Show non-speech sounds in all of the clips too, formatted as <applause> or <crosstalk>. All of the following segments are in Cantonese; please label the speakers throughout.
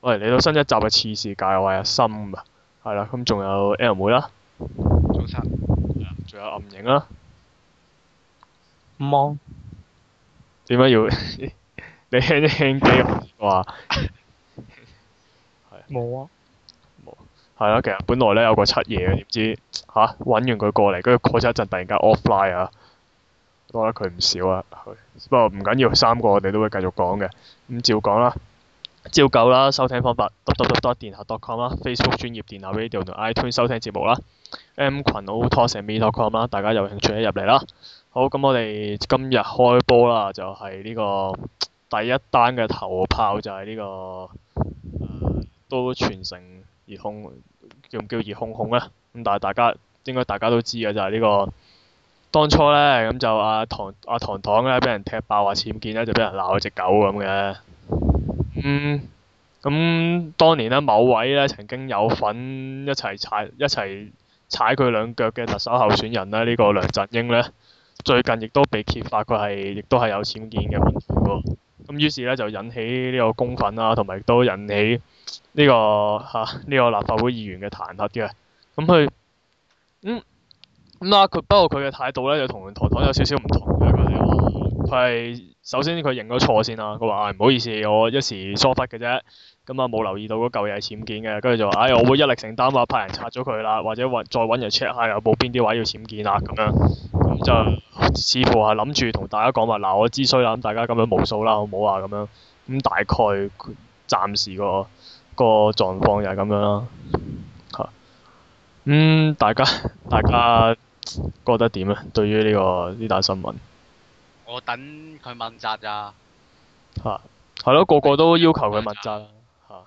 Speaker 1: 喂，嚟到新一集嘅次世界我係阿森啊，係啦，咁仲、嗯、有 L、m、妹啦，仲有山，仲有暗影啦 m o 點解要？你輕一輕幾話？
Speaker 2: 冇啊，
Speaker 1: 冇，係啦，其實本來咧有個七夜嘅，點知吓，揾、啊、完佢過嚟，跟住過咗一陣，突然間 offline 啊，多得佢唔少啊，不過唔緊要緊，三個我哋都會繼續講嘅，咁照講啦。照舊啦，收聽方法 d o w o w 電腦 .com 啦，Facebook 專業電腦 radio 同 iTune 收聽節目啦，M 群 auto s meet.com 啦，大家有興趣可以入嚟啦。好，咁我哋今日開波啦，就係、是、呢、這個第一單嘅頭炮就係呢、這個都全城熱控，叫唔叫熱控控咧？咁但係大家應該大家都知嘅就係、是、呢、這個當初呢，咁就阿、啊、唐阿、啊、唐唐呢，俾人踢爆話僭建啦，就俾人鬧咗隻狗咁嘅。嗯，咁、嗯、當年呢，某位呢曾經有份一齊踩一齊踩佢兩腳嘅特首候選人呢，呢、這個梁振英呢，最近亦都被揭發佢係亦都係有僭建嘅問題喎。咁、嗯、於是呢，就引起呢個公憤啦，同埋亦都引起呢、這個嚇呢、啊這個立法會議員嘅彈劾嘅。咁佢，嗯，咁、嗯、啦，佢、嗯、不過佢嘅態度呢，就同唐唐有少少唔同。佢係首先佢認咗錯先啦，佢話，唉，唔好意思，我一時疏忽嘅啫，咁啊冇留意到嗰嚿嘢係僭建嘅，跟住就話唉、哎、我會一力承擔，話派人拆咗佢啦，或者再揾人 check 下有冇邊啲位要僭建啊咁樣，咁、嗯、就似乎係諗住同大家講話，嗱，我知衰啦，咁大家咁樣冇數啦，好唔好啊？咁樣，咁、嗯、大概暫時個個狀況就係咁樣啦，吓、嗯，咁大家大家覺得點啊？對於呢個呢單新聞？
Speaker 3: 我等佢問責咋？
Speaker 1: 嚇，係咯，個個都要求佢問責啦。嚇、啊，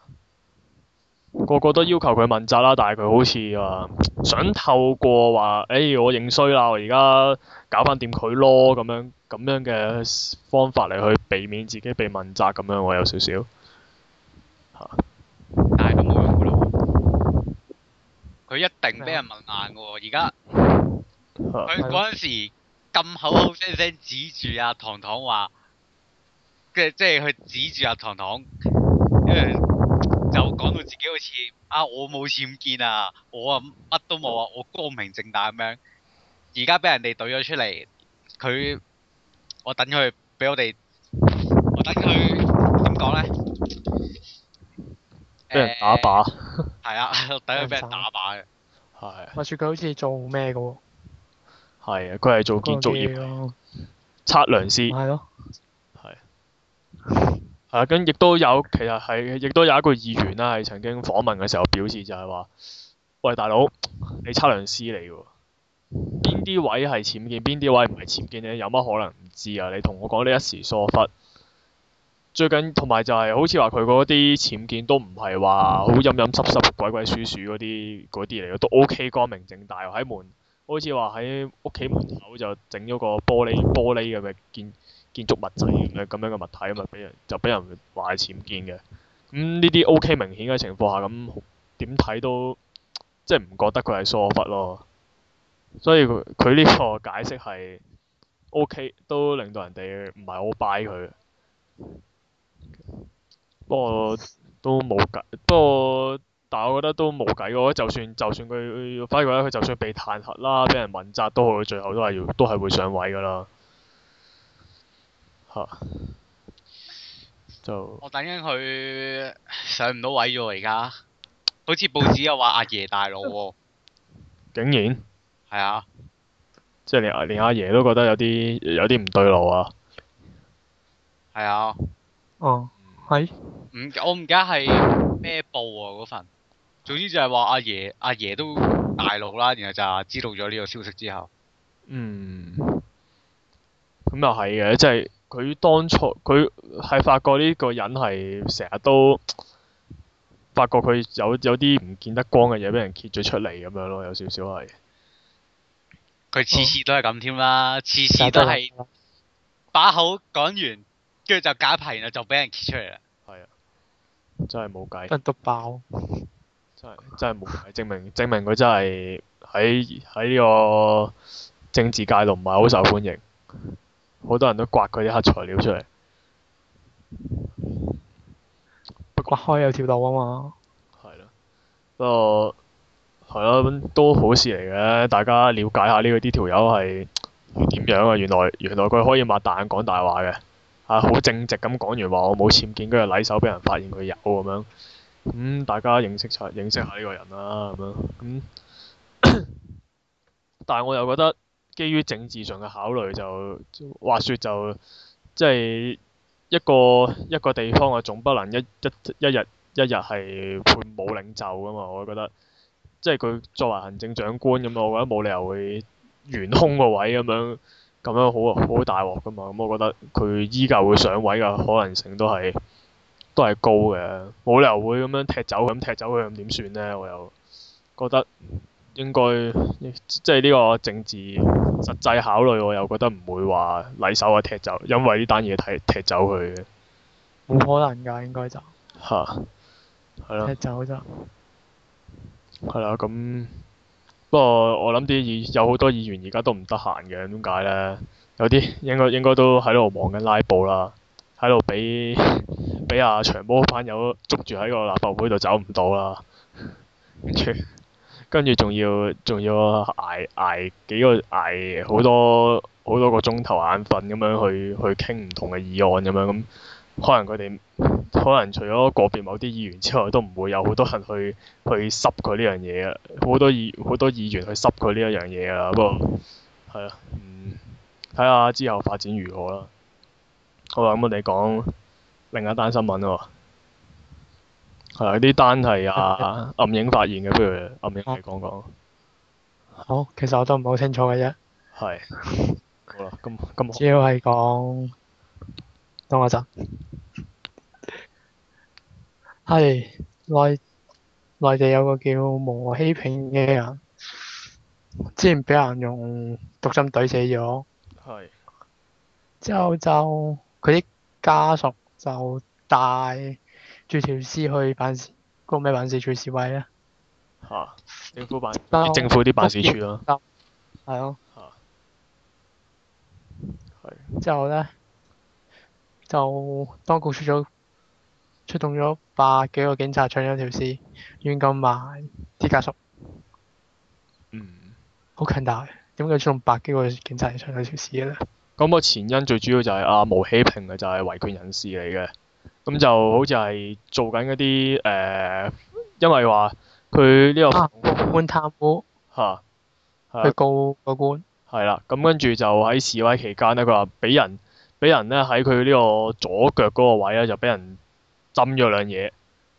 Speaker 1: 個個都要求佢問責啦，但係佢好似話想透過話，誒、欸、我認衰啦，我而家搞翻掂佢咯，咁樣咁樣嘅方法嚟去避免自己被問責咁樣喎，啊、有少少嚇。
Speaker 3: 但係都冇用噶咯。佢一定俾人問硬噶喎！而家佢嗰陣時。 <laughs> 咁口口聲聲指住阿、啊、唐糖話，住即係佢指住阿、啊、唐唐，因為就講到自己好似啊我冇僭建啊，我啊乜都冇啊，我光明正大咁樣，而家俾人哋懟咗出嚟，佢我等佢俾我哋，我等佢點講咧？
Speaker 1: 俾人打靶係啊，欸、 <laughs> 我等佢俾人打靶嘅。係。
Speaker 2: 話説佢好似做咩嘅喎？
Speaker 1: 係啊，佢係做建築業嘅，嗯、測量師。係咯。係啦，咁亦都有，其實係，亦都有一個議員啦，係曾經訪問嘅時候表示就係話，喂大佬，你測量師嚟㗎喎，邊啲位係僭建，邊啲位唔係僭建呢？有乜可能唔知啊？你同我講呢一時疏忽。最緊同埋就係、是、好似話佢嗰啲僭建都唔係話好陰陰濕，濕濕、鬼鬼祟祟嗰啲嗰啲嚟嘅，都 OK 光明正大喺門。好似話喺屋企門口就整咗個玻璃玻璃咁嘅建建築物仔咁樣嘅物體，咪俾人就俾人話係僭建嘅。咁呢啲 O.K. 明顯嘅情況下，咁點睇都即係唔覺得佢係疏忽咯。所以佢佢呢個解釋係 O.K. 都令到人哋唔係好 buy 佢。不過都冇解，不過。但係我覺得都冇計喎，就算就算佢，反而覺得佢就算被彈劾啦，俾人問責，都好，佢最後都係要都係會上位噶啦。嚇、啊！就
Speaker 3: 我等緊佢上唔到位咋，而家，好似報紙又話阿爺大佬喎、啊。
Speaker 1: <laughs> 竟然？係啊。即係連連阿爺都覺得有啲有啲唔對路啊！係啊。哦，係。
Speaker 3: 唔，我唔記得係咩報啊，嗰份。總之就係話阿爺阿爺都大怒啦，然後就知道咗呢個消息之後，
Speaker 1: 嗯，咁又係嘅，即係佢當初佢係發覺呢個人係成日都，發覺佢有有啲唔見得光嘅嘢俾人揭咗出嚟咁樣咯，有少少係，佢
Speaker 3: 次次都係咁添啦，
Speaker 1: 次、哦、次都係
Speaker 3: 把口講完，跟住就假排，然後就俾人揭出嚟啦。係啊、嗯，
Speaker 1: 真係冇計。得都包。真係，真係無，證明證明佢真係喺喺呢個政治界度唔係好受歡迎，好多人都刮佢啲黑材料出嚟，
Speaker 2: 掘開有
Speaker 1: 跳到啊嘛，係咯，不過係咯都好事嚟嘅，大家了解下呢個啲條友係點樣啊，原來原來佢可以擘大眼講大話嘅，啊好正直咁講完話我冇錢，見佢個禮手俾人發現佢有咁樣。咁、嗯、大家認識下認識下呢個人啦，咁樣咁。但係我又覺得，基於政治上嘅考慮就，就話說就即係、就是、一個一個地方啊，總不能一一一日一日係判冇領袖噶嘛，我覺得。即係佢作為行政長官，咁我覺得冇理由會懸空個位咁樣，咁樣好好大鑊噶嘛，咁我覺得佢依舊會上位嘅可能性都係。都係高嘅，冇理由會咁樣踢走佢，咁踢走佢咁點算呢？我又覺得應該、欸、即係呢個政治實際考慮，我又覺得唔會話禮手啊踢走，因為呢單嘢踢踢走佢。
Speaker 2: 冇可能㗎，應該就。嚇！係
Speaker 1: 咯、啊。踢
Speaker 2: 走
Speaker 1: 就。係啦、啊，咁不過我諗啲議有好多議員而家都唔得閒嘅，點解呢？有啲應該應該都喺度忙緊拉布啦。喺度畀畀阿長毛班友捉住喺個立法會度走唔到啦， <laughs> 跟住仲要仲要捱捱幾個捱好多好多個鐘頭，眼瞓咁樣去去傾唔同嘅議案咁樣咁、嗯，可能佢哋可能除咗個別某啲議員之外，都唔會有好多人去去濕佢呢樣嘢啊，好多議好多議員去濕佢呢一樣嘢啊，不過係啊，嗯，睇下之後發展如何啦～好啦，咁我哋講另一單新聞喎，係、嗯、啊，啲單係啊暗影發現嘅，不如暗影嚟講講。
Speaker 2: 好，其實我都唔係好清楚嘅啫。
Speaker 1: 係。 <laughs> 好啦，
Speaker 2: 咁咁。主要係講。等我陣。係 <laughs> 內內地有個叫王希平嘅人，之前俾人用毒針懟死咗。
Speaker 1: 係是。
Speaker 2: 之後就。佢啲家屬就帶住條屍去辦事，嗰個咩辦事處示威咧？嚇、
Speaker 1: 啊，政府辦後政府啲辦事處咯、啊。係咯、啊。嚇、嗯。
Speaker 2: 係、啊。啊、之後咧，就當局出咗出動咗百幾個警察搶咗條屍，冤咁埋啲家屬。嗯。好強大，點解要出動百幾個警察嚟搶條屍嘅咧？
Speaker 1: 咁個前因最主要就係阿毛喜平啊，平就係維權人士嚟嘅。咁就好似係做緊一啲誒、呃，因為話佢呢個官貪污嚇，啊啊、去
Speaker 2: 告個官。
Speaker 1: 係啦，咁跟住就喺示威期間咧，佢話俾人俾人咧喺佢呢個左腳嗰個位咧，就俾人針咗兩嘢，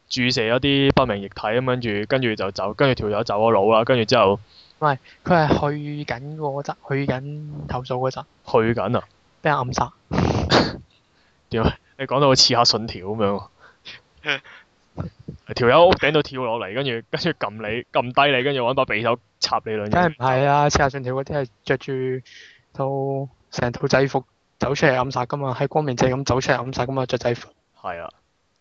Speaker 1: 注射一啲不明液體咁，跟住跟住就走，跟住條友走咗佬啦，跟住之後。唔係，
Speaker 2: 佢係去緊嗰陣，去緊投訴嗰陣。
Speaker 1: 去緊啊！俾人暗殺。點 <laughs> <laughs> <laughs> <laughs> 啊？你講到好似刺客信條咁樣喎。條友屋頂度跳落嚟，跟住跟住撳你，撳低你，跟住揾把匕首插你兩隻。梗係
Speaker 2: 唔係啊？刺客信條嗰啲係着住套成套制服走出嚟暗殺㗎嘛，喺光明正咁走出嚟暗殺㗎嘛，着制服。
Speaker 1: 係啊。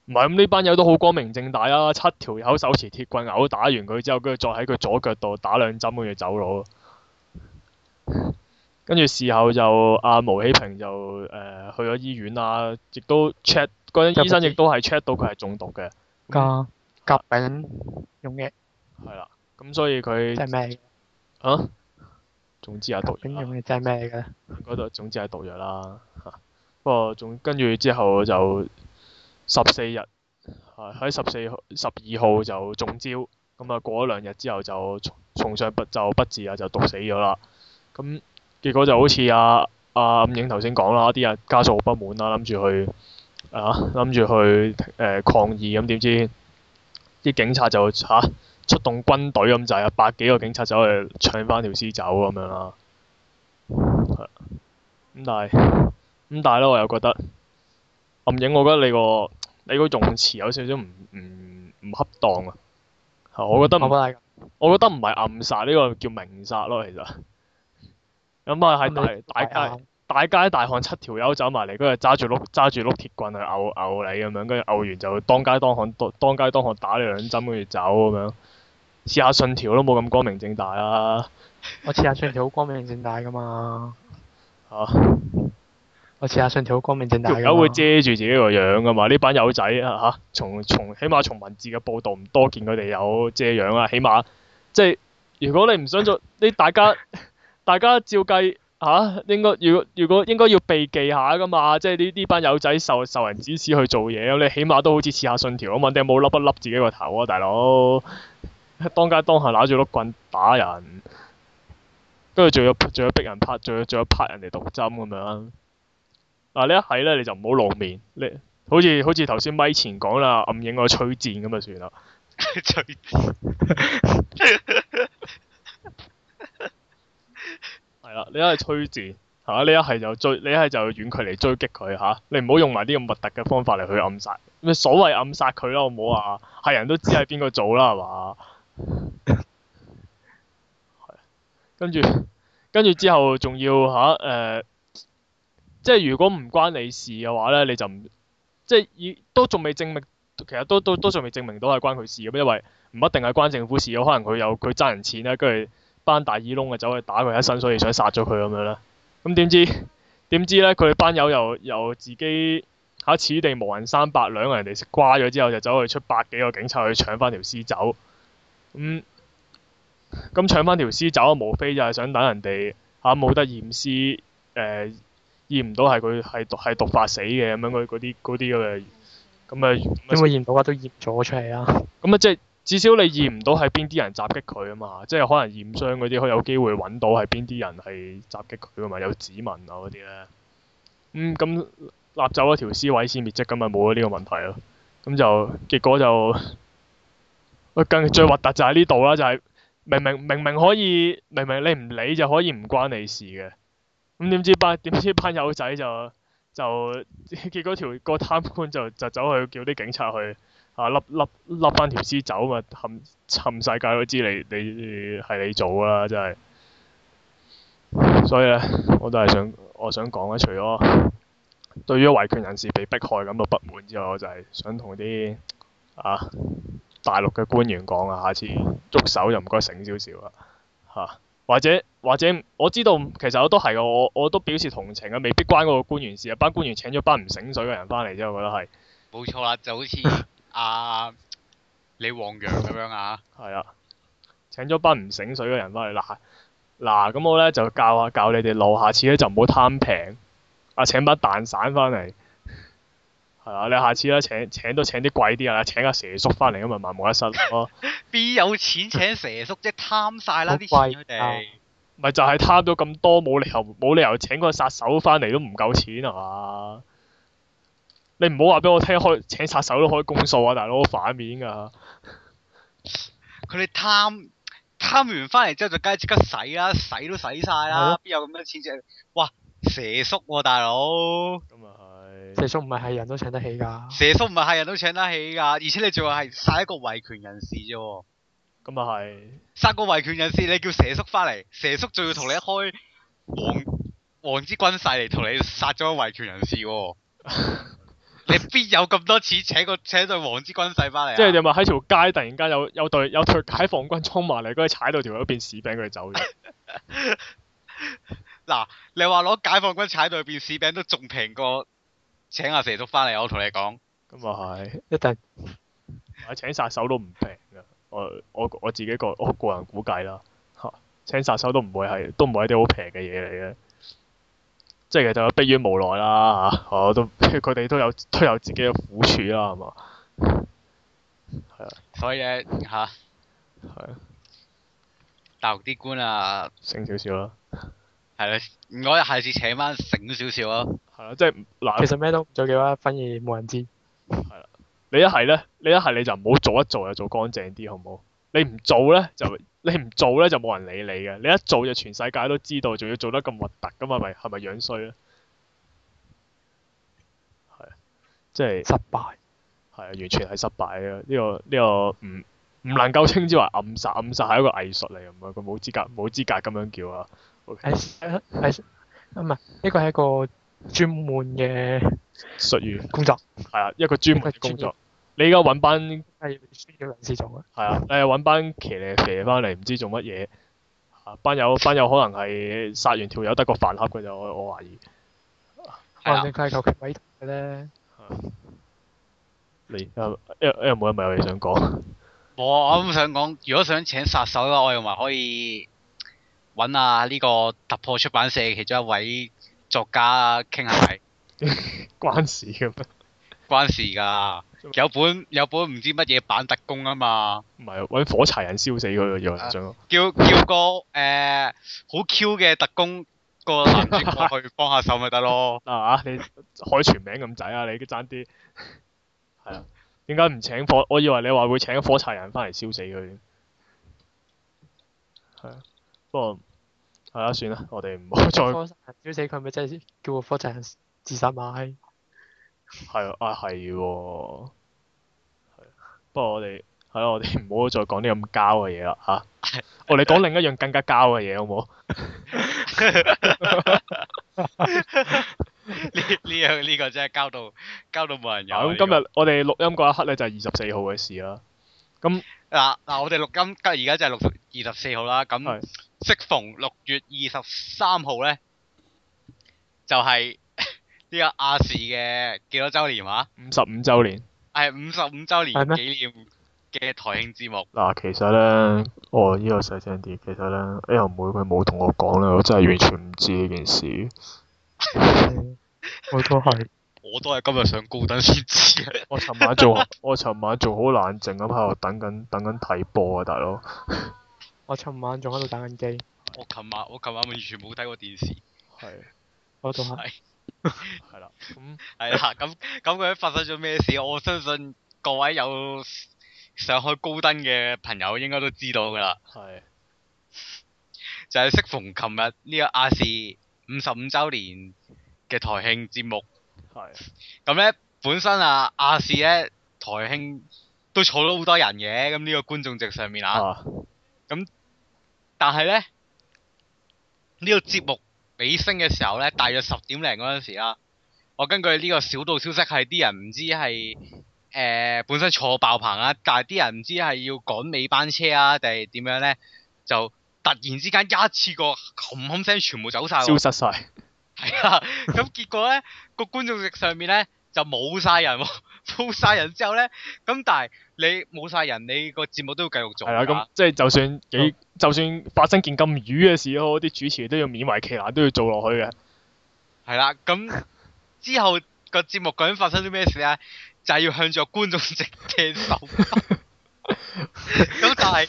Speaker 1: 唔係咁呢班友都好光明正大啊！七條友手持鐵棍毆打完佢之後，跟住再喺佢左腳度打兩針，跟住走佬。跟住事後就阿、啊、毛喜平就、呃、去咗醫院啊，亦都 check 嗰啲醫生亦都係 check 到佢係中毒嘅。㗎，甲丙用嘅。係啦，咁所以佢。係咩？啊？總之係毒藥。用嘅即係咩嚟嘅？嗰度總之係毒藥啦，不過仲跟住之後就。十四日，喺十四號十二號就中招，咁啊過咗兩日之後就從從上不就不治啊，就毒死咗啦。咁結果就好似阿阿伍影頭先講啦，啲人家屬好不滿啦，諗住去啊諗住去誒、呃、抗議，咁、啊、點知啲警察就嚇、啊、出動軍隊咁就係、是、百幾個警察走去搶翻條屍走咁樣啦。咁、啊、但係咁但係呢，我又覺得。暗影，我覺得你個你個用詞有少少唔唔唔恰當啊！我覺得唔，我，我覺得唔係暗殺呢個叫明殺咯，其實。咁啊，喺大大街大街大巷七條友走埋嚟，跟住揸住碌揸住碌鐵棍去毆毆你咁樣，跟住毆完就當街當巷當街當巷打你兩針跟住走咁樣。刺客信條都冇咁光明正大啊！
Speaker 2: <laughs> 我刺客信條好光明正大㗎嘛？ <laughs> 我似下信條，光明正大，大家有會
Speaker 1: 遮住自己個樣噶嘛？呢班友仔啊嚇，從從起碼從文字嘅報導唔多見佢哋有遮樣啊！起碼即係如果你唔想做，你大家 <laughs> 大家照計嚇、啊、應該，如果如果應該要避忌下噶嘛，即係呢呢班友仔受受人指使去做嘢，你起碼都好似似下信條咁嘛，你有冇笠一笠自己個頭啊，大佬？當街當下揦住碌棍打人，跟住仲要仲要逼人拍，仲要仲要拍人哋毒針咁樣。嗱，啊、一呢一係咧你就唔好露面，你好似好似頭先咪前講啦，暗影我摧戰咁就算啦。摧戰，係啦，你一係摧戰嚇、啊，你一係就追，你一係就遠距離追擊佢嚇、啊，你唔好用埋啲咁核突嘅方法嚟去暗殺，所謂暗殺佢啦，我唔好話係人都知係邊個做啦係嘛？跟住跟住之後仲要嚇誒。啊呃即係如果唔關你事嘅話呢，你就唔，即係都仲未證明，其實都都仲未證明到係關佢事。咁因為唔一定係關政府事，有可能佢有佢爭人錢啦，跟住班大耳窿啊走去打佢一身，所以想殺咗佢咁樣啦。咁點知點知呢？佢班友又又自己嚇，此地無銀三百兩，人哋食瓜咗之後就走去出百幾個警察去搶翻條屍走。咁、嗯、咁搶翻條屍走啊，無非就係想等人哋嚇冇得驗屍誒。呃驗唔到係佢係毒係毒，毒發死嘅咁樣佢嗰啲嗰啲咁啊，咁啊驗
Speaker 2: 到啊都驗咗出嚟啊！
Speaker 1: 咁啊，即係至少你驗唔到係邊啲人襲擊佢啊嘛，即係可能驗傷嗰啲，可以有機會搵到係邊啲人係襲擊佢噶嘛，有指紋啊嗰啲呢。咁、嗯、咁立走一條屍位先滅跡咁咪冇咗呢個問題咯。咁就結果就，啊更最核突就喺呢度啦，就係明明明明可以明明你唔理就可以唔關你事嘅。咁點知班點知班友仔，就就結果條個貪官就就走去叫啲警察去，啊笠笠笠翻條屍走啊，冚冚世界都知你你係你做啦，真係。所以呢，我都係想我想講咧，除咗對於維權人士被迫害感到不滿之外，我就係想同啲啊大陸嘅官員講啊，下次捉手就唔該醒少少啦，嚇。或者或者我知道其實我都係我我都表示同情啊，未必關嗰個官員事啊，班官員請咗班唔醒水嘅人翻嚟啫，我覺得係。冇錯啦，就好似
Speaker 3: 阿李王洋咁樣啊。係啊，啊，
Speaker 1: 啊，請咗班唔醒水嘅人翻嚟嗱嗱咁，我咧就教下教你哋路，下次咧就唔好貪平啊，請班蛋散翻嚟。係啊，你下次咧請請都請啲貴啲啊，請阿蛇叔翻嚟咁咪萬無一失咯。邊 <laughs> 有錢請蛇叔啫？ <laughs> 貪晒啦啲錢佢哋？咪 <laughs> 就係貪咗咁多，冇理由冇理由請個殺手翻嚟都唔夠錢啊嘛！你唔好話俾我聽，開請殺手都可以公數啊，大佬反面噶。
Speaker 3: 佢哋 <laughs> 貪貪完翻嚟之後，就梗係即刻使啦，使都使晒啦，邊 <laughs> 有咁多錢啫？哇，蛇叔喎、啊，大
Speaker 2: 佬。咁啊。蛇叔唔係係人都請得起噶
Speaker 3: 蛇叔唔係係人都請得起噶而且你仲話係殺一個維權人士啫。咁啊係，殺個維權人士，你叫蛇叔翻嚟，蛇叔仲要同你開王王之軍勢嚟同你殺咗個維權人士。你邊有咁多錢請個請對王之軍勢翻嚟。即係你話喺
Speaker 1: 條街突然間有有對有對解放軍衝埋嚟，佢踩到條友變屎餅，佢就走咗。
Speaker 3: 嗱，你話攞解放軍踩到變屎餅都仲平過。請阿肥叔翻嚟，我同你講。
Speaker 1: 咁又係，一定。買 <laughs> 請殺手都唔平噶，我我我自己個我個人估計啦，吓請殺手都唔會係都唔係一啲好平嘅嘢嚟嘅。即係其實迫於無奈啦，吓我都佢哋都有都有自己嘅苦處啦，係嘛？係啊。
Speaker 3: 所以咧吓。
Speaker 1: 係啊。啊大
Speaker 3: 陸啲官啊，醒少少啦。係咯、啊，我又下次請翻醒少少
Speaker 1: 咯。即係其實咩都做嘅話，反而冇人知。係啦，你一係咧，你一係你就唔好做，一做就做乾淨啲，好唔好？你唔做咧就，你唔做咧就冇人理你嘅。你一做就全世界都知道，仲要做得咁核突噶嘛？咪係咪樣衰啊？係，即係失敗，係啊，完全係失敗啊！呢個呢個唔唔能夠稱之為暗殺，暗殺係一個藝術嚟噶嘛？佢冇資格冇資格咁樣叫啊！唔係
Speaker 2: 呢個係一個。
Speaker 1: 專門嘅術語工作係啊，一個專門嘅工作你。你而家搵班係需要人事做啊？係啊，你係搵班騎呢蛇翻嚟，唔知做乜嘢，啊？班友班友可能係殺完條友得個飯盒嘅就，我我懷疑。係啊。或者雞腳
Speaker 2: 嘅
Speaker 1: 咧。你有有有冇一咪有嘢想講，嗯？我
Speaker 3: 我想講，如果想請殺手嘅話，我又話可以搵啊呢個突破出版社其中一位。作家啊，傾下偈，
Speaker 1: 關事嘅咩？
Speaker 3: 關事㗎，有本有本唔知乜嘢版特工啊嘛。
Speaker 1: 唔係揾火柴人燒死佢就最。叫
Speaker 3: 叫個誒好 Q 嘅特工個男主角去幫下手咪得咯。
Speaker 1: 係、 <laughs> <laughs> 啊、你開全名咁滯啊？你爭啲。係 <laughs> 啊，點解唔請火？我以為你話會請火柴人翻嚟燒死佢。係啊，不過。係啦、嗯，算啦，我哋唔好
Speaker 2: 再。 <laughs> 小死佢咪真係叫個科澤人自殺埋。係啊,、
Speaker 1: 哎啊,啊,啊，啊，係喎、 <laughs> <laughs> 哦。不過我哋係咯，我哋唔好再講啲咁膠嘅嘢啦嚇。我哋講另一樣更加膠嘅嘢好唔好？呢呢
Speaker 3: 樣呢個真係交到交到冇人有。咁今日
Speaker 1: 我哋錄音嗰一刻咧，就係二十四號嘅事啦。咁
Speaker 3: 嗱嗱，我哋錄音而家就係六月二十四號啦。咁是適逢六月二十三號咧，就係、是、呢個亞視嘅幾多周年啊？五
Speaker 1: 十五周年。
Speaker 3: 係五十五周年紀念嘅台慶節目。
Speaker 1: 嗱、啊，其實咧，我、哦、呢、呢個細聲啲。其實咧，A. M. 媽佢冇同我講咧，我真係完全唔知呢件事。我都係，我都係今日上高登先知。 <laughs> 我尋晚仲我尋晚仲好冷靜咁喺度等緊等緊睇波啊，大佬 <laughs> ！
Speaker 2: 我尋晚仲喺度打緊機。
Speaker 3: 我尋晚我尋晚完全冇睇過電視。係是。我仲係。係啦。咁係啦，咁咁佢發生咗咩事？我相信各位有上海高登嘅朋友應該都知道㗎啦。係的。就係適逢琴日呢個亞視五十五週年嘅台慶節目。係的。咁咧？本身啊亞視咧台慶都坐咗好多人嘅，咁、這、呢個觀眾席上面啊，咁、啊嗯、但係咧呢、這個節目尾聲嘅時候咧，大約十點零嗰陣時啦，我根據呢個小道消息係啲人唔知係誒、呃、本身坐爆棚啊，但係啲人唔知係要趕尾班車啊，定係點樣咧，就突然之間一次過冚冚聲全部走晒。消失晒，係啊，咁結果咧個觀眾席上面咧～就冇晒人，冇晒人之後咧，咁但係你冇晒人，你個節目都要繼續做啦。係啦，咁
Speaker 1: 即係就算幾，就算發生件咁瘀嘅事，我啲主持都要勉為其難，都要做落去嘅。
Speaker 3: 係啦，咁之後個節目究竟發生啲咩事啊？就係、是、要向住個觀眾席掟手，咁但係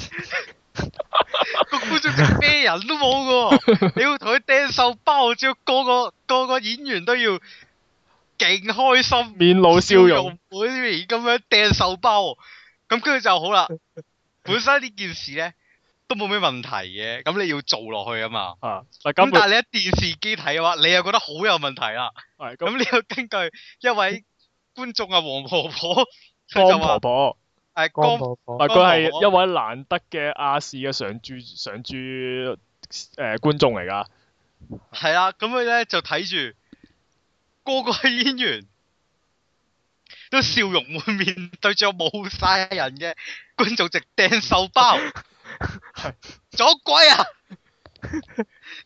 Speaker 3: 個觀眾咩人都冇噶，你要同佢掟手包，只要個個個個演員都要。勁開心，面露笑容，會然咁樣掟手包，咁跟住就好啦。本身呢件事咧都冇咩問題嘅，咁你要做落去啊嘛。啊，咁但係你喺電視機睇嘅話，你又覺得好有問題啦。係，咁你要根據一位觀眾啊，黃婆婆、江婆
Speaker 1: 婆，誒，江婆婆，佢係一位難得嘅亞視嘅常駐常駐誒觀眾嚟噶。係啊，咁佢咧就睇住。
Speaker 3: 個個演員都笑容滿面，對住冇晒人嘅觀眾席掟手包，
Speaker 1: 係
Speaker 3: 撞鬼啊！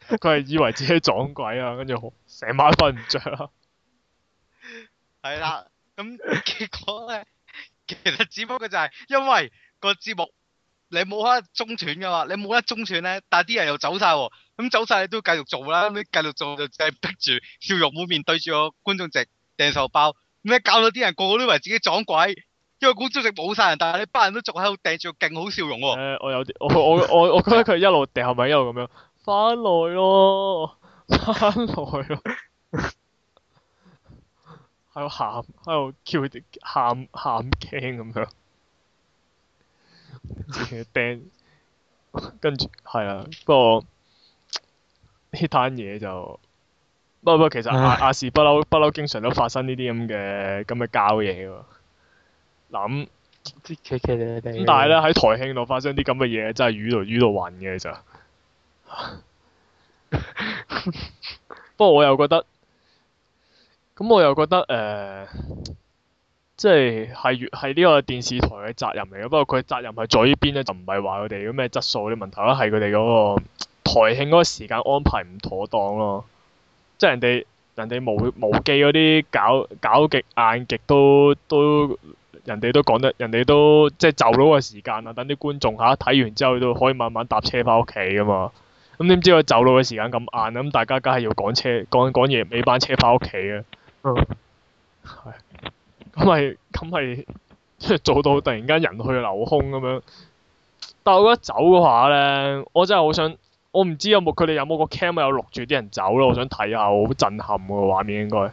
Speaker 1: 佢係以為自己撞鬼啊，跟住成晚瞓唔着啦。
Speaker 3: 係啦，咁結果咧，其實只不過就係因為個節目。你冇得中斷㗎嘛？你冇得中斷咧，但係啲人又走晒喎。咁走晒你都繼續做啦，咁樣繼續做就係逼住笑容滿面對住個觀眾席掟手包，咩搞到啲人個個都以為自己撞鬼，因為觀眾席冇晒人，但係你班人都仲喺度掟住個勁好笑容喎、喔呃。我有啲，
Speaker 1: 我我我，我覺得佢一路掉咪一路咁樣翻來咯，翻來咯，喺度喊，喺度叫佢哋喊喊驚咁樣。 <laughs> <laughs> <laughs> 掟， <laughs> 跟住係啊，不過呢單嘢就，不過不過其實阿、哎、亞視不嬲不嬲經常都發生呢啲咁嘅咁嘅交嘢喎。嗱咁，啲奇奇哋嘅，但係呢喺台慶度發生啲咁嘅嘢，真係瘀到瘀到暈嘅就。 <laughs> <laughs> 不過我又覺得，咁我又覺得誒。呃即係係越係呢個電視台嘅責任嚟嘅，不過佢責任係在於邊呢？就唔係話佢哋咩質素，啲問題咧係佢哋嗰個台慶嗰個時間安排唔妥當咯，啊。即係人哋人哋無無記嗰啲搞搞極晏極都都，人哋都講得人哋都即係就到個時間啊！等啲觀眾下睇完之後都可以慢慢搭車翻屋企㗎嘛。咁，嗯、點知佢就到個時間咁晏咧？咁大家梗係要趕車趕趕嘢尾班車翻屋企啊！ <laughs> 咁咪咁咪即係做到突然間人去樓空咁樣，但係我覺得走嘅話呢，我真係好想，我唔知有冇佢哋有冇個 cam 有錄住啲人走咯，我想睇下，我好震撼個畫面應該。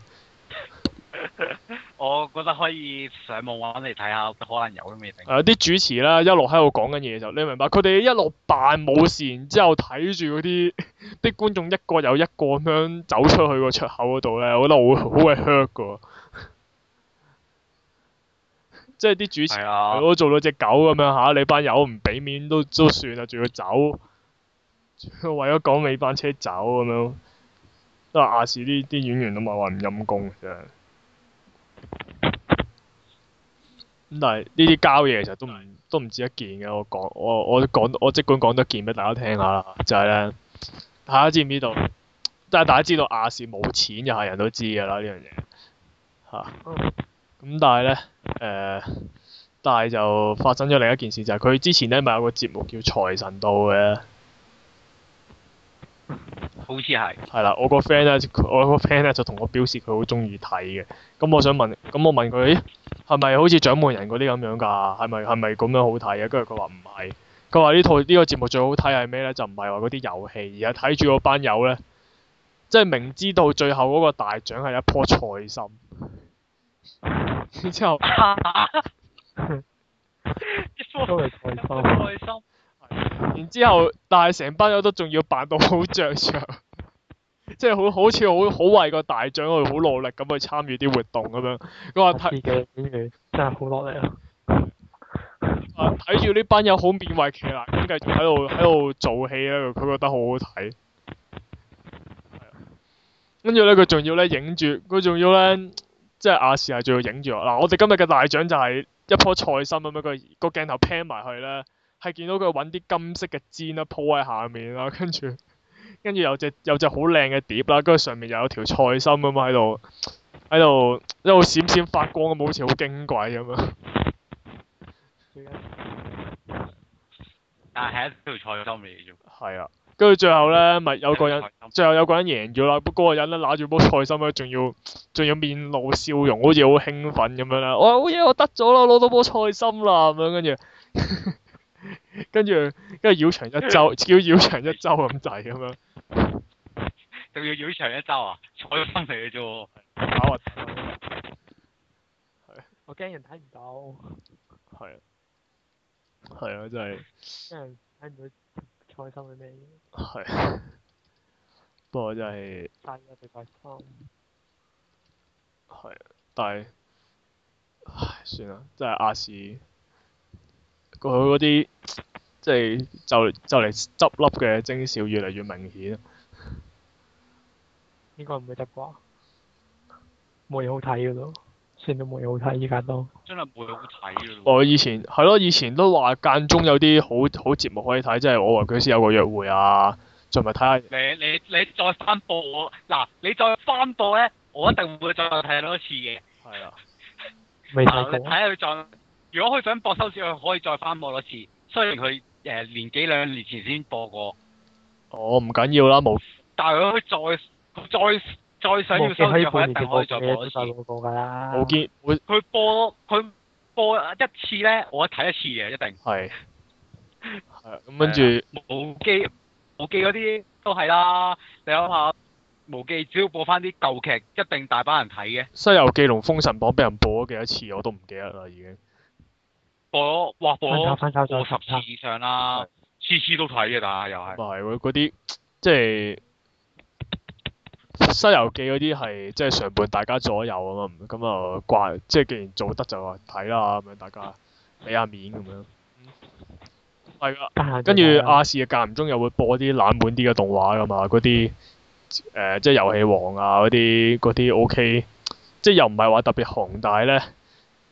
Speaker 3: <laughs> 我覺得可以上網揾嚟睇下，可能有
Speaker 1: 都未定。誒啲、呃、主持啦，一路喺度講緊嘢就，你明白佢哋一路扮冇事，然之後睇住嗰啲啲觀眾一個又一個咁樣走出去個出口嗰度呢，我覺得好好鬼 hurt 噶。即係啲主持，如果做到隻狗咁樣吓、啊啊，你班友唔俾面都都算啦，仲要走， <laughs> 為咗趕你班車走咁樣，都話亞視呢啲演員都咪話唔陰功嘅，咁但係呢啲交嘢其實都唔都唔止一件嘅，我講我我講，我即管講一件俾大家聽下啦，就係、是、咧，大家知唔知道？但係大家知道亞視冇錢，就係人都知㗎啦，呢樣嘢吓。啊啊咁但係呢，誒、呃，但係就發生咗另一件事，就係、是、佢之前呢咪有個節目叫《財神到》嘅，
Speaker 3: 好似係。
Speaker 1: 係啦，我個 friend 呢，我個 friend 呢就同我表示佢好中意睇嘅。咁我想問，咁我問佢，係咪好似《掌門人》嗰啲咁樣㗎？係咪係咪咁樣好睇啊？跟住佢話唔係，佢話呢套呢、這個節目最好睇係咩呢？就唔係話嗰啲遊戲，而係睇住嗰班友呢，即係明知道最後嗰個大獎係一樖財神。然之後，啊、 <laughs> 然之後，但係成班友都仲要扮到着 <laughs> 好着相，即係好好似好好為個大獎去好努力咁去參與啲活動咁樣。佢話睇住呢班友好勉為其難啊，咁繼續喺度喺度做戲咧，佢覺得好好睇。跟住咧，佢仲要咧影住，佢仲要咧。即係亞視係仲要影住我嗱，我哋今日嘅大獎就係一樖菜心咁樣，佢個鏡頭拼埋去咧，係見到佢揾啲金色嘅氈啦，鋪喺下面啦，跟住跟住有隻有隻好靚嘅碟啦，跟住上面又有條菜心咁樣喺度喺度一路閃閃發光咁，好似好矜貴咁啊！但
Speaker 3: 係係一條菜心嚟嘅啫。係啊。
Speaker 1: 跟住最後咧，咪有個人，最後有個人贏咗啦。不過嗰個人咧攞住波菜心咧，仲要仲要面露笑容，好似好興奮咁樣啦。我好嘢、oh yeah，我得咗啦，攞到波菜心啦咁樣。跟住，跟 <laughs> 住繞場一周，只要 <laughs> 繞場一周咁滯咁樣。
Speaker 3: 仲 <laughs> 要繞場一周啊！生 <laughs> 我要身嚟嘅啫喎。
Speaker 2: 我驚人睇唔到。係啊！
Speaker 1: 係啊！真係。
Speaker 2: 真係睇唔到。開心嘅咩
Speaker 1: 嘢？係，
Speaker 2: 不過就係、係。但
Speaker 1: 係我但係，唉，算啦，真係亞視，過去嗰啲，即係就係、就嚟執笠嘅徵兆越嚟越明顯。
Speaker 2: 應該唔會得啩？冇嘢好睇噶咯。真都冇嘢好睇，依家都
Speaker 1: 真係冇嘢好睇咯。我以前係咯，以前都話間中有啲好好節目可以睇，即係《我和殭屍有個約會》啊，仲咪睇下。
Speaker 3: 你你你再翻播我嗱，你再翻播咧，我一定唔會再睇多次嘅。係啦。
Speaker 1: 未睇過。睇下
Speaker 3: 佢再，如果佢想播收視，佢可以再翻播多次。雖然佢誒年幾兩年前先播過。
Speaker 1: 我唔緊要啦，冇。
Speaker 3: 但係佢可以再再。再想要收視，一定可以再播
Speaker 1: 一次。無記，無記
Speaker 3: 佢播佢播一次咧，我睇一,一次嘅一定。係是。咁跟住無記無記嗰啲都係啦，你諗下無記只要播翻啲舊劇，一定大把人睇嘅。《
Speaker 1: 西遊記》同《封神榜》俾人播咗幾多次，我都唔
Speaker 3: 記得啦已經。播咗，哇！播咗十次以上啦。次的次都睇嘅，但係又係。咪係
Speaker 1: 喎，嗰啲即係。《西遊記》嗰啲係即係常伴大家左右啊嘛，咁啊掛，即係既然做得就話睇啦咁樣，大家俾下面咁樣。係噶，跟住亞視啊，間唔中又會播啲冷門啲嘅動畫噶嘛，嗰啲誒即係遊戲王啊嗰啲嗰啲 OK，即係又唔係話特別紅咧，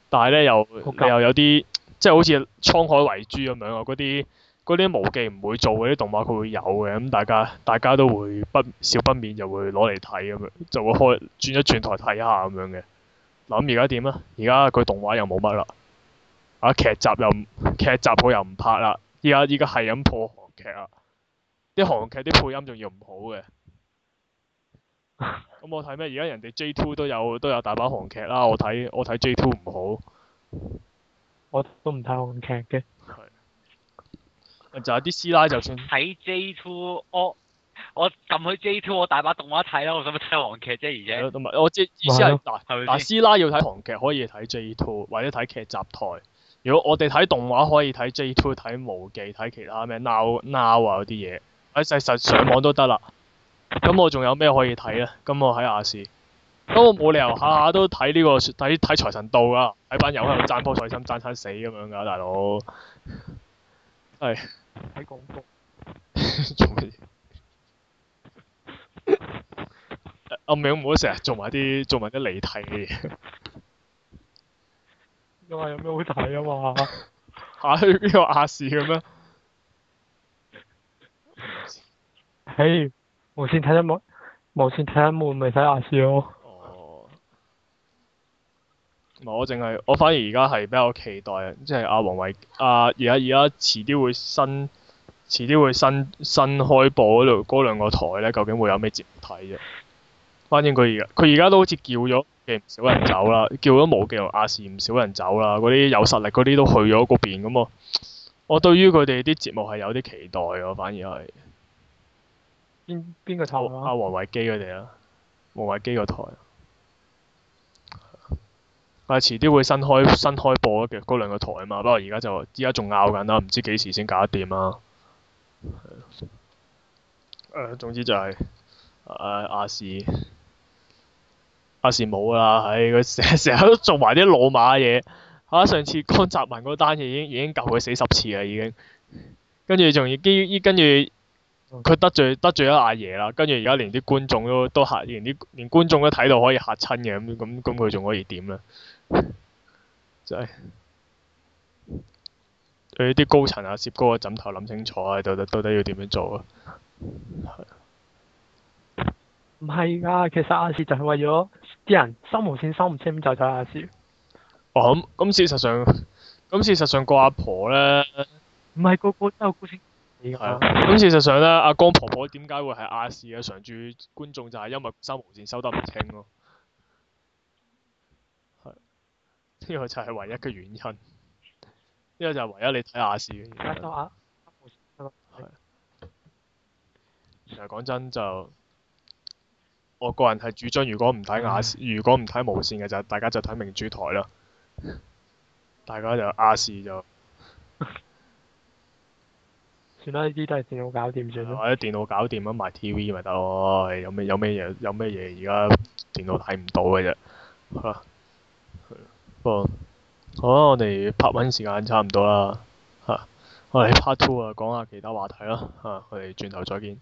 Speaker 1: 但係咧又急又有啲即係好似滄海遺珠咁樣啊嗰啲。嗰啲無記唔會做嗰啲動畫佢會有嘅，咁大家大家都會不少不免就會攞嚟睇咁樣，就會開轉一轉台睇下咁樣嘅。諗而家點啊？而家佢動畫又冇乜啦。啊劇集又劇集佢又唔拍啦，而家依家係咁破韓劇啊！啲韓劇啲配音仲要唔好嘅。咁 <laughs> 我睇咩？而家人哋 J2 都有都有大把韓劇啦，我睇我睇 J2 唔好。我
Speaker 2: 都唔睇韓劇嘅。
Speaker 1: 就係啲師奶，就算睇 J2 我
Speaker 3: 我撳去 J2 我大把動畫睇咯。我咁咪睇韓劇啫，而啫。我即
Speaker 1: 意思係麼，但但師奶要睇韓劇，可以睇 J2 或者睇劇集台。如果我哋睇動畫，可以睇 J2 睇無記》，睇其他咩 Now, Now、啊》、《鬧鬧啊嗰啲嘢，喺實實上網都得啦。咁我仲有咩可以睇咧？咁我喺亞視，咁我冇理由下下都睇呢、呢個睇睇財神到啊！睇班友喺度爭波彩心爭親死咁樣噶，大佬係。喺廣告， <laughs> 做乜嘢麼？阿明唔好成日做埋啲做埋啲離題嘅嘢。咁啊，有咩好睇啊嘛？嚇、 <laughs> 啊，去邊度亞視咁樣？
Speaker 2: <laughs> 嘿，無線睇得悶，無線睇得悶，咪睇亞視咯。
Speaker 1: 唔係，我淨係我反而而家係比較期待，即係阿、啊、王偉阿而家而家遲啲會新，遲啲會新新開播嗰度嗰兩個台呢，究竟會有咩節目睇啫？反正佢而家，佢而家都好似叫咗嘅唔少人走啦，叫咗無綫同亞視唔少人走啦，嗰啲有實力嗰啲都去咗嗰邊咁啊！我對於佢哋啲節目係有啲期待啊，反而係邊邊個台啊？阿王偉基佢哋啊，王偉基個台。係，遲啲、啊、會新開新開播嘅嗰兩個台啊嘛，在在不過而家就而家仲拗緊啦，唔知幾時先搞得掂啊！誒、呃，總之就係誒亞視，亞視冇啦，唉，佢成成日都做埋啲老馬嘢嚇，上次江澤民嗰單嘢已經已經夠佢死十次啦，已經跟住仲要跟跟住佢得罪得罪咗阿爺啦，跟住而家連啲觀眾都都嚇，連啲連觀眾都睇到可以嚇親嘅，咁咁咁佢仲可以點呢？就係對啲高層啊，攝高個枕頭諗清楚啊，到底到底要點樣做啊？唔
Speaker 2: 係㗎，其實亞視就係為咗啲
Speaker 1: 人三無線收唔清就走亞視。咁、哦、事實上，咁事實上，事實上個阿婆呢，唔係個個，個都有似係咁事實上呢，阿江婆婆點解會係亞視嘅常駐觀眾，就係因為三無線收得唔清咯、啊。呢個就係唯一嘅原因。呢個就係唯一你睇亞視嘅。的其實就講真就，我個人係主張，如果唔睇亞視，嗯、如果唔睇無線嘅，就大家就睇明珠台啦。大家就亞視就、啊算。算啦，呢啲都係電腦搞掂算啦。或者電腦搞掂咁買 T.V. 咪得咯？有咩有咩嘢有咩嘢？而家電腦睇唔到嘅啫。哦、好啦，我哋拍片時間差唔多啦，嚇、啊，我哋 part two 啊，講下其他話題啦，嚇、啊，我哋轉頭再見。